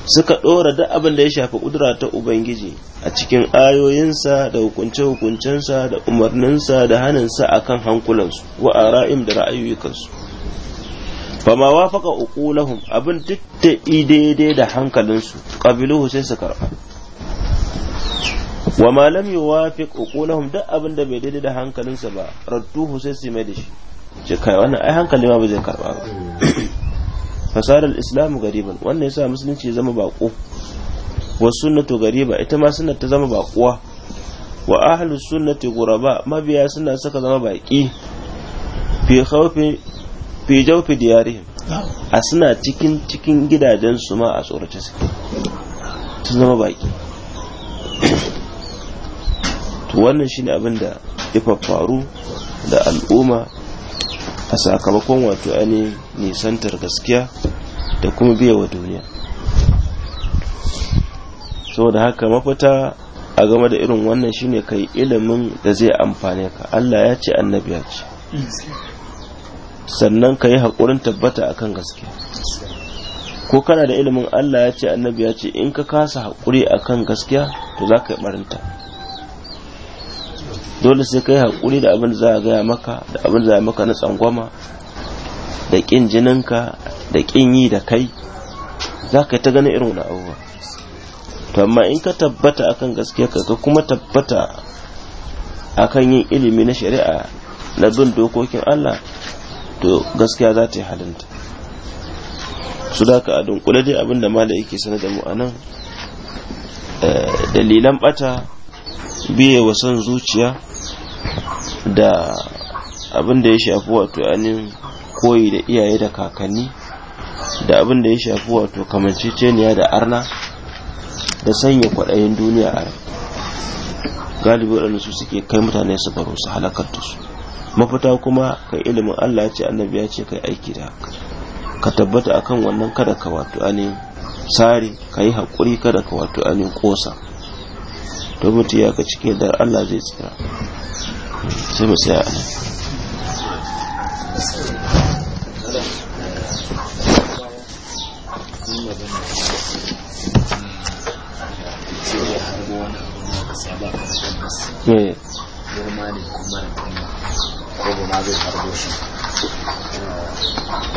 suka ɗora duk abin da ya shafi ƙudura ta ubangiji a cikin ayoyinsa da hukunce-hukuncensa da umarninsa da haninsa a kan hankulansu wa ra'im da ra'ayoyinsu fama faka uqulahum abin duk da daidai da hankalinsu qabiluhu sai su karɓa wa ma lam yuwafiq uqulahum duk abin da bai daidai da hankalinsa ba radduhu sai su mai da shi Shi kai wannan ai hankali ma ba zai karɓa ba hmm. fasarar islamu gariban wannan yasa musulunci zama bako wa sunnatu gariba ita ma sunnat ta zama bakuwa wa ahlus sunnati guraba mabiya suna saka zama baki fi khawfi fi jawfi diyarihim a suna cikin cikin gidajen su ma a tsorace suke ta zama baki to wannan shine abin da ya faru da al'umma a sakamakon wato ani nisantar gaskiya da kuma biya wa duniya saboda haka mafita a game da irin wannan shine kai ilimin da zai amfane ka Allah ya ce annabi ya ce sannan ka yi haƙurin tabbata akan gaskiya ko kana da ilimin Allah ya ce annabi ya ce in ka kasa haƙuri akan gaskiya to za ka yi ɓarinta dole sai kai haƙuri da abin da za a gaya maka da abin da za a maka na tsangwama da ƙin jininka da ƙin yi da kai za ka ta gani irin wani abubuwa to amma in ka tabbata akan gaskiya ka ka kuma tabbata akan yin ilimi na shari'a na bin dokokin Allah to gaskiya za ta yi halinta su da ka a dunkule dai abin da mala yake sanar da mu a nan eh, dalilan bata biye wa son zuciya da abin da ya shafi wato anin koyi da iyaye da kakanni da abin da ya shafi wato kamanceceniya da arna da sanya kwaɗayin duniya a galibi waɗanda su suke kai mutane su baro su halakar su mafita kuma kai ilimin Allah ce annabi ya ce kai aiki da haka ka tabbata akan wannan kada ka wato anin sari ka yi haƙuri kada ka wato anin ƙosa ka mutu ya ka cike da Allah zai tsira sai mu tsaya ne eh.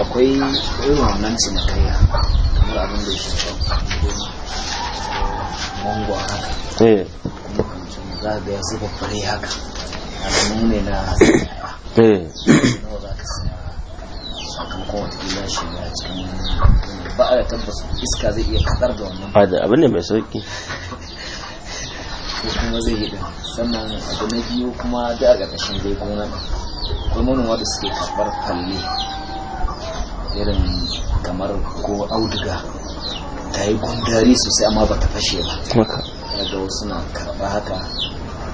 akwai irin wannan kaya kamar abin da za ga yanzu babbare haka abu ne na eh. ba a tabbas iska zai iya kadar da wannan fada abu ne mai sauki ko kuma zai yi sannan abu na biyu kuma da a ƙarƙashin dai gona akwai manoma da suke karɓar falle irin kamar ko auduga ta yi gundari sosai amma ba ta fashe ba daga wasu na karɓa haka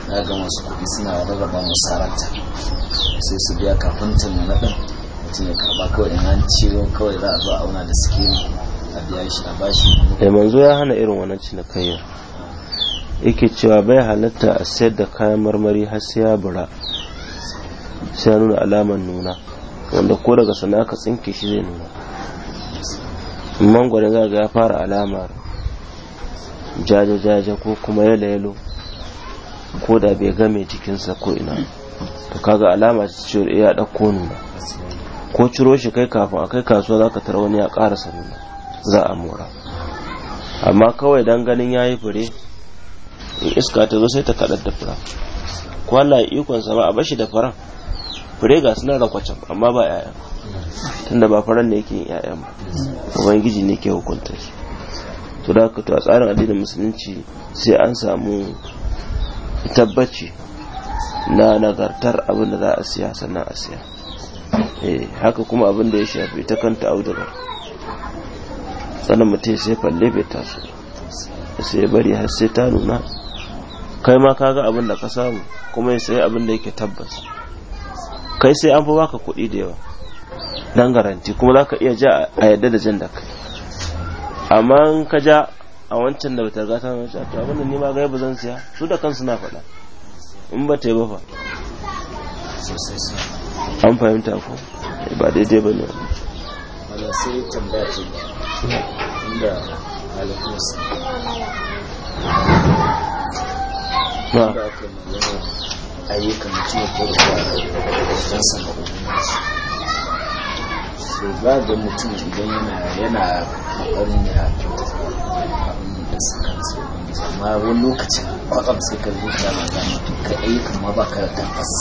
na ga masu kuɗi suna rarraba musaranta sai su biya kafin na ɗin mutum ya karɓa kawai in an ciro kawai za a zo auna da suke a biya shi a bashi da eh, manzo ya hana irin wannan cinikayyar yake cewa bai halatta a sayar da kayan marmari har sai ya bura sai ya nuna alamar nuna wanda ko daga sana'a ka tsinke shi zai nuna mangwaron za ga ya fara alamar jaje-jaje ko kuma yalo-yalo ko da bai game jikinsa ko ina to kaga alama ce cewa ya ɗauko nuna ko ciro shi kai kafin a kai kasuwa za ka tara wani ya ƙara nuna za a mora amma kawai dan ganin ya yi fure in iska ta zo sai ta kaɗar da fura ko Allah ya ikon sa ba a bashi da fara fure ga suna rakwacin amma ba 'ya'ya tunda ba faran ne yake yin 'ya'ya ba ubangiji ne ke hukunta shi to da to a tsarin addinin musulunci sai an samu tabbaci na nagartar abin da za a siya sannan a siya eh haka kuma abin da ya shafi ta kanta audugar sannan mutum sai falle bai taso sai bari har sai ta nuna kai ma kaga abin da ka samu kuma ya sai abin da yake tabbas kai sai an fi baka kuɗi da yawa dan garanti kuma za ka iya ja a yadda da jan da kai amma in ka ja a wancan da bata riga ta ta to ni ma ga gaibu zan siya su da kansu na faɗa in ba ta yi ba fa an fahimta ko eh, ba daidai ba ne wanda sai tambaya ce inda halittar su ba ayyukan mutum ko da sama don sama ubangiji ba da mutum idan yana kokarin ya abin da su kansu amma wani lokacin kwatsam sai ka zuciya na dama to kai ayyukan ma ba ka tabbas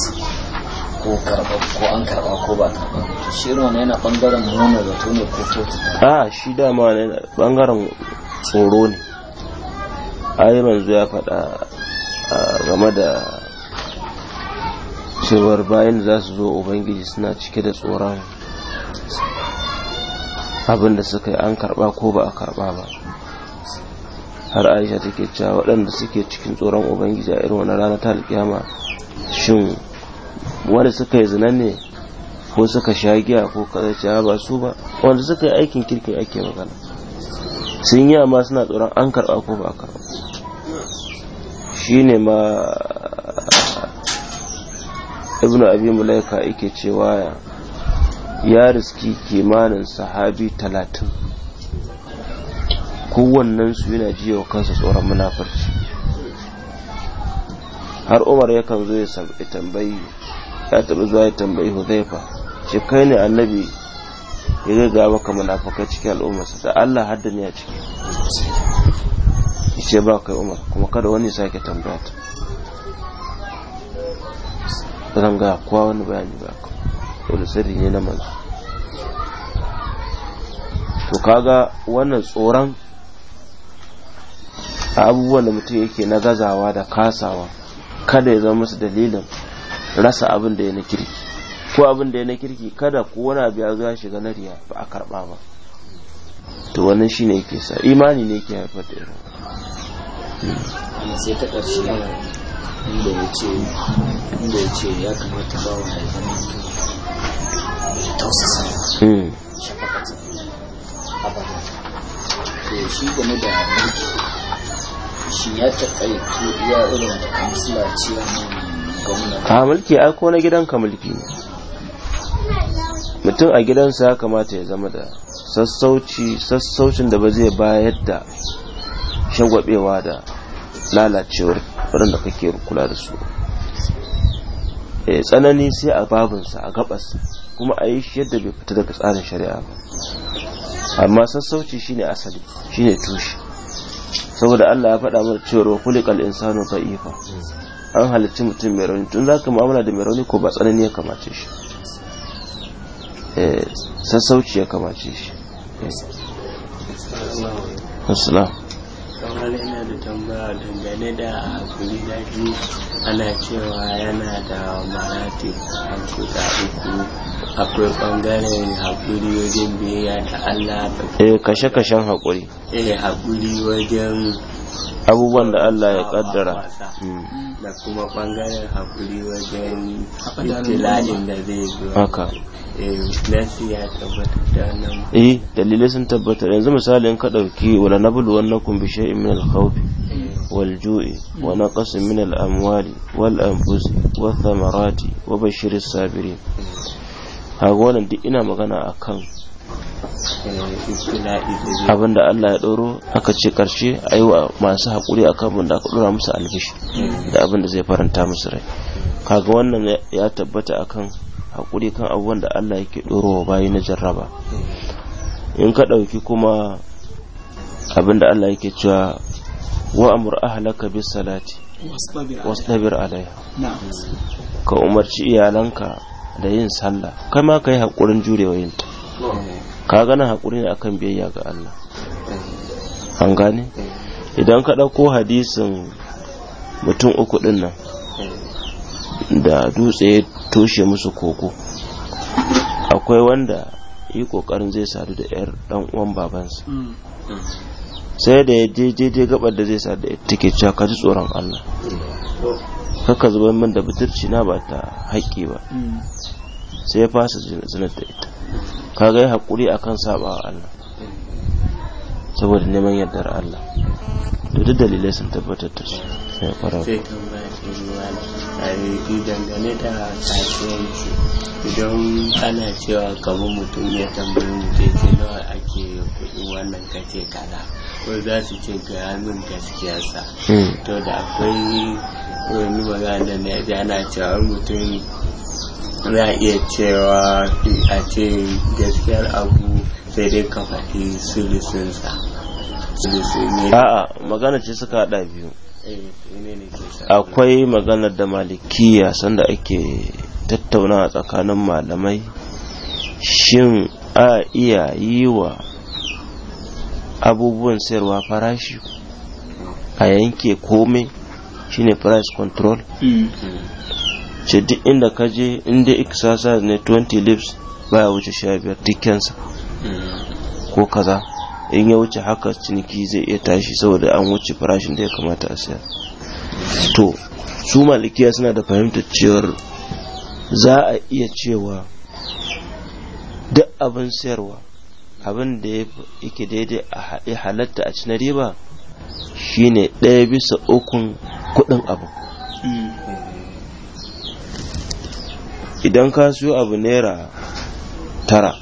ko karɓa ko an karɓa ko ba karɓa to shi irin yana ɓangaren nuna zato ne ko kotu a ah, shi dama ne bangaren tsoro ne ayi manzo ya faɗa ah, game da cewar bayan za su zo ubangiji suna cike da tsoron abin da suka yi an karba ko ba a karba ba har aisha take cewa waɗanda suke cikin tsoron ubangiji a irin wani rana ta alkiyama shin wanda suka yi zinan ne ko suka sha giya ko kasancewa ba su ba wanda suka yi aikin kirkin ake magana sun yi amma suna tsoron an karba ko ba a karba shine ma ibnu abi mulaika yake cewa ya riski kimanin sahabi talatin kowannen su yana jiya wa kansa tsoron munafurci har umar yakan zo ya tambayi ya taɓa zuwa ya tambayi huzaifa ce kai ne annabi ya gaga maka munafukai cikin al'ummarsa da allah hadda ne a ciki ce ba kai umar kuma kada wani sake tambaya ta zan ga kowa wani bayani ba ka saboda sirri ne na manzo to kaga wannan tsoron abubuwan da mutum yake na gazawa da kasawa kada ya zama musu dalilin rasa abin da ya na kirki ko abin da ya na kirki kada ko wani abu ya zo shiga na riya ba a karba ba to wannan shi ne yake sa imani ne yake haifar da irin sai ta ƙarshe inda ya ce ya kamata ba wa haifar zama tausasa hmm. shafakata abada to shi game da mulki shi ya taƙaitu iya irin da kansila ce gwamnati a mulki ai ko na ka mulki ne mutum a gidansa ya kamata ya zama da sassauci sassaucin da ba zai bayar da shagwabewa da lalacewar kafirin da kake kula da su eh, tsanani sai a babinsa a gabas kuma a yi shi yadda bai fita daga tsarin shari'a ba amma sassauci shine asali shine tushe saboda Allah ya faɗa mana cewa wa kulikal insanu da'ifa an halicci mutum mai rauni tun zaka mu'amala da mai rauni ko ba tsanani ya kamace shi eh, sassauci ya kamace shi eh. assalamu mala yana da tambaya dangane da hakuri na biyu ana cewa yana da marati hankuta uku akwai bangaren hakuri wajen biyayya Allah eh, kashe-kashen hakuri eh hakuri wajen abubuwan da Allah ya kaddara da kuma bangaren hakuri wajen tilalin da zai zo haka eh, eh dalilai sun tabbatar yanzu misali in ka dauki wala na bulu wannan kumbi shay'in min al-khawf wal ju'i wa naqas min al-amwali wal anfusi wa thamarati wa bashir as-sabirin kaga wannan duk ina magana akan abinda Allah ya ɗoro aka ce ƙarshe a yi wa masu haƙuri a kan da aka ɗora musu albishi da abinda zai faranta musu rai kaga wannan ya tabbata akan haƙuri kan abubuwan da Allah yake wa bayi na jarraba in ka ɗauki kuma abinda Allah yake cewa wa amur ahlaka bis salati wastabir alaiha ka umarci iyalanka da yin sallah kai ma yi haƙurin jurewa yinta ka gana haƙuri ne akan biyayya ga Allah an gane idan ka ɗauko hadisin mutum uku ɗin nan da dutse ya toshe musu koko akwai wanda yi ƙoƙarin zai sadu da 'yar ɗan uwan babansa sai da ya je je gabar da zai sadu da take cewa ka ji tsoron Allah kaka zuba min da buturci na ba ta haƙƙi ba sai ya fasa zinar da ita kaga yi haƙuri akan kan wa Allah saboda neman yardar Allah to duk dalilai sun tabbatar da su sai ya fara dangane da kasuwanci idan ana cewa kamar mutum ya tambayi mutum ce nawa ake kuɗi wannan kace kaza ko za su ce ga min gaskiyarsa hmm. to da akwai wani magana da na ana cewa mutum za a iya cewa a ce gaskiyar abu sai dai ka faɗi sulusunsa a'a magana ce suka haɗa biyu eh, akwai magana da malikiya sanda ake tattauna a tsakanin malamai shin a iya yi wa abubuwan sayarwa farashi a yanke komai shine price control hmm. Hmm. ce duk inda ka je inda sasa ne 20 lips ya wuce sha biyar dukkansa hmm. ko kaza in ya wuce haka ciniki zai iya tashi saboda an wuce farashin da ya kamata a siya to su malikiya suna da fahimtar cewar za a iya cewa duk abin sayarwa abin da ya ke daidai a halatta a cikin riba shine ɗaya bisa ukun kuɗin abu. idan ka siyo abu naira tara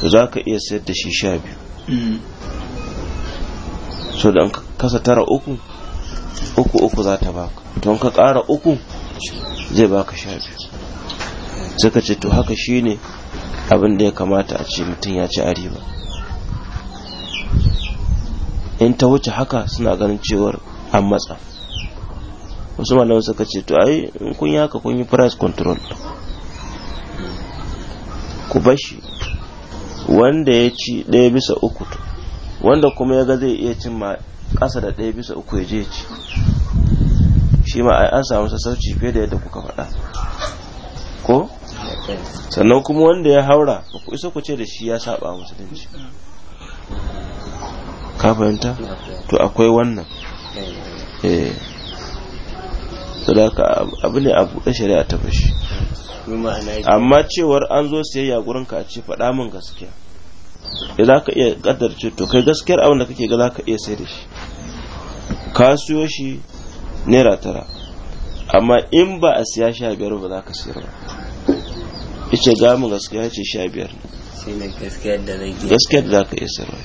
to za ka iya sayar da shi sha biyu mm. so da kasa tara uku uku uku za ta baka to ka ƙara uku zai baka sha biyu suka ce to haka shi abin da ya kamata a ce mutum ya ci a riba in ta wuce haka suna ganin cewar an matsa wasu malawa suka ce to ai in kun yi haka kun yi price control ku bashi wanda ya ci ɗaya bisa uku wanda kuma ya ga zai iya cin ma ƙasa da ɗaya bisa uku ya je ci shi ma an samu sassauci fiye da yadda kuka faɗa ko sannan kuma wanda ya haura ba ku isa ku ce da shi ya saba musulunci ka fahimta to akwai wannan eh sadaka abu ne abu da shari'a ta fashi amma cewar an zo siyayya gurin ka ce faɗa min gaskiya ya za ka iya ce to kai gaskiyar abin da kake ga za ka iya sai da shi ka siyo shi naira tara amma in ba a siya sha biyar ba za ka siyar ba ga mu gaskiya ce sha biyar ne gaskiyar da za ka iya siyar ba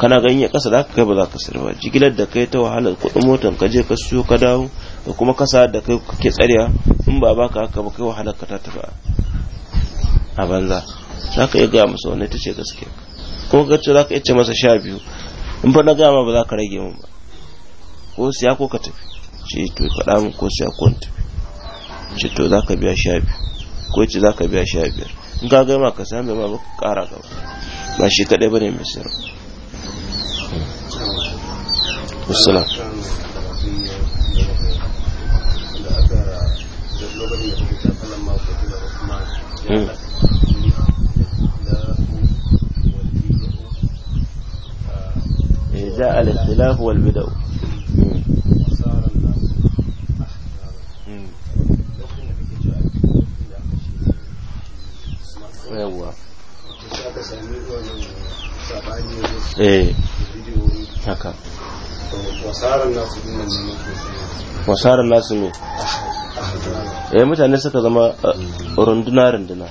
kana ganye ƙasa za ka kai ba za ka siyar ba jigilar da kai ta wahalar kuɗin motar ka je ka siyo ka dawo da kuma kasa da kai kake tsariya in ba baka haka ba kai wahalar ka ta taba a banza za ka iya gaya masa wani ita ce gaske kuma ka ce za ka iya ce masa sha biyu in fa na gaya ma ba za ka rage min ba ko siya ko ka tafi ce to faɗa min ko siya ko tafi ce to za ka biya sha biyu ko ce za ka biya sha biyar in ka gaya ma ka sayan bai ma ba ka kara gaba ba shi kaɗai ba ne mai sayarwa. Wassalam. إيه، جاء الاختلاف والبدء إيه. وصار الناس من وصار الناس من eh mutane suka zama eh, runduna runduna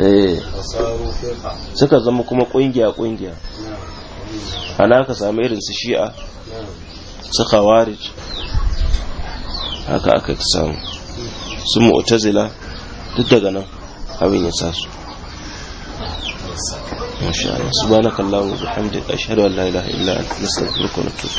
eh suka zama kuma kungiya kungiya ana ka samu irin su shi'a su khawarij haka aka samu su mu'tazila duk daga nan abin ya sa su masha Allah subhanakallahumma bihamdika ashhadu an la ilaha illa anta astaghfiruka wa atubu